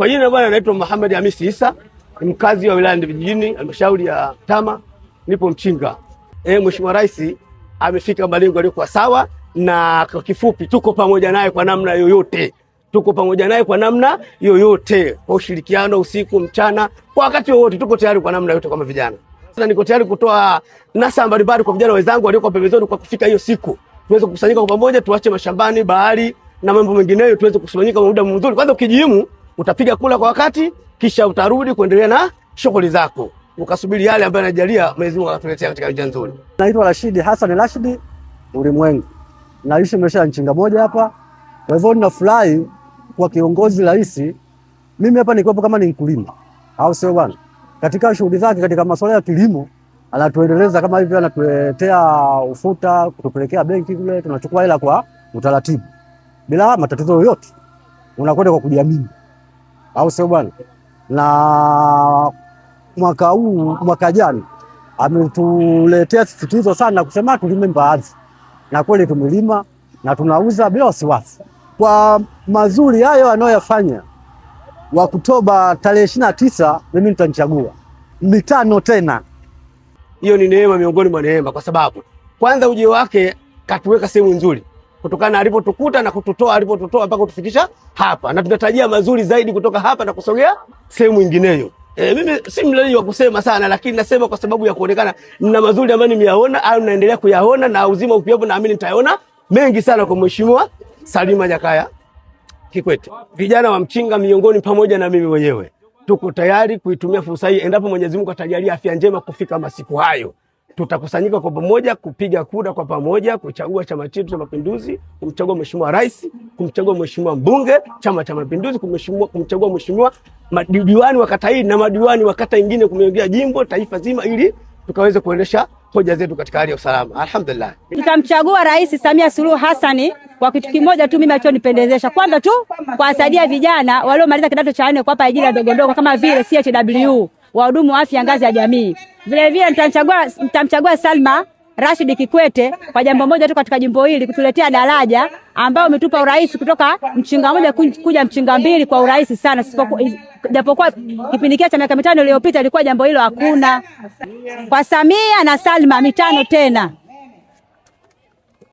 Kwa jina bwana, naitwa Muhammad Hamisi Isa, ni mkazi wa wilaya vijijini, halmashauri ya Tama, nipo Mchinga. E, Mheshimiwa Rais amefika malengo yaliyokuwa sawa, na kwa kifupi, tuko pamoja naye kwa namna yoyote, tuko pamoja naye kwa namna yoyote, kwa ushirikiano usiku mchana, kwa wakati wowote, tuko tayari kwa namna yote kama vijana. Sasa niko tayari kutoa nasa mbalimbali kwa vijana wenzangu walioko pembezoni, kwa kufika hiyo siku tuweze kukusanyika kwa pamoja, tuache mashambani, bahari na mambo mengineyo, tuweze kukusanyika kwa muda mzuri. Kwanza ukijimu utapiga kula kwa wakati, kisha utarudi kuendelea na shughuli zako, ukasubiri yale ambayo anajalia Mwenyezi Mungu anatuletea katika njia nzuri. Naitwa Rashid Hassan Rashid Ulimwengu, naishi maisha Nchinga moja hapa. Kwa hivyo ninafurahi kwa kiongozi rais. Mimi hapa nikiwepo kama ni mkulima, au sio bwana? Katika shughuli zake, katika masuala ya kilimo anatuendeleza kama hivyo, anatuletea ufuta, kutupelekea benki kule, tunachukua hela kwa utaratibu bila matatizo yoyote, unakwenda kwa kujiamini au sio bwana? Na mwaka huu mwaka jana ametuletea sisitizo sana kusema tulime mbaazi, na kweli tumelima na tunauza bila wasiwasi. Kwa mazuri hayo anayoyafanya wa tarehe ishirini na tisa mimi nitanichagua mitano tena. Hiyo ni neema miongoni mwa neema, kwa sababu kwanza uje wake katuweka sehemu nzuri kutokana alipotukuta na kututoa alipotutoa mpaka kutufikisha hapa, na tunatarajia mazuri zaidi kutoka hapa na kusogea sehemu nyingineyo. E, mimi si mlei wa kusema sana, lakini nasema kwa sababu ya kuonekana mna mazuri ambayo nimeyaona au naendelea kuyaona, na uzima ukiwepo, naamini nitayaona mengi sana kwa Mheshimiwa Salima Jakaya Kikwete. Vijana wa Mchinga miongoni pamoja na mimi mwenyewe tuko tayari kuitumia fursa hii endapo Mwenyezi Mungu atajalia afya njema kufika masiku hayo tutakusanyika kwa pamoja kupiga kura kwa pamoja kuchagua chama chetu cha Mapinduzi, kumchagua mheshimiwa rais, kumchagua mheshimiwa mbunge chama cha Mapinduzi, kumchagua mheshimiwa madiwani wa kata hii na madiwani wa kata nyingine, kumeongea jimbo, taifa zima, ili tukaweze kuendesha hoja zetu katika hali ya usalama. Alhamdulillah, tutamchagua Rais Samia Suluhu hasani kwa kitu kimoja tu, mimi alichonipendezesha kwanza tu kuwasaidia vijana waliomaliza kidato cha nne kuwapa ajira ndogondogo kama vile CHW wahudumu wa afya ngazi ya jamii. Vilevile mtamchagua mtamchagua Salma Rashid Kikwete kwa jambo moja tu katika jimbo hili, kutuletea daraja ambao umetupa urahisi kutoka mchinga moja kuja mchinga mbili kwa urahisi sana, japokuwa kipindi cha miaka mitano iliyopita ilikuwa jambo hilo hakuna. Kwa Samia na Salma mitano tena.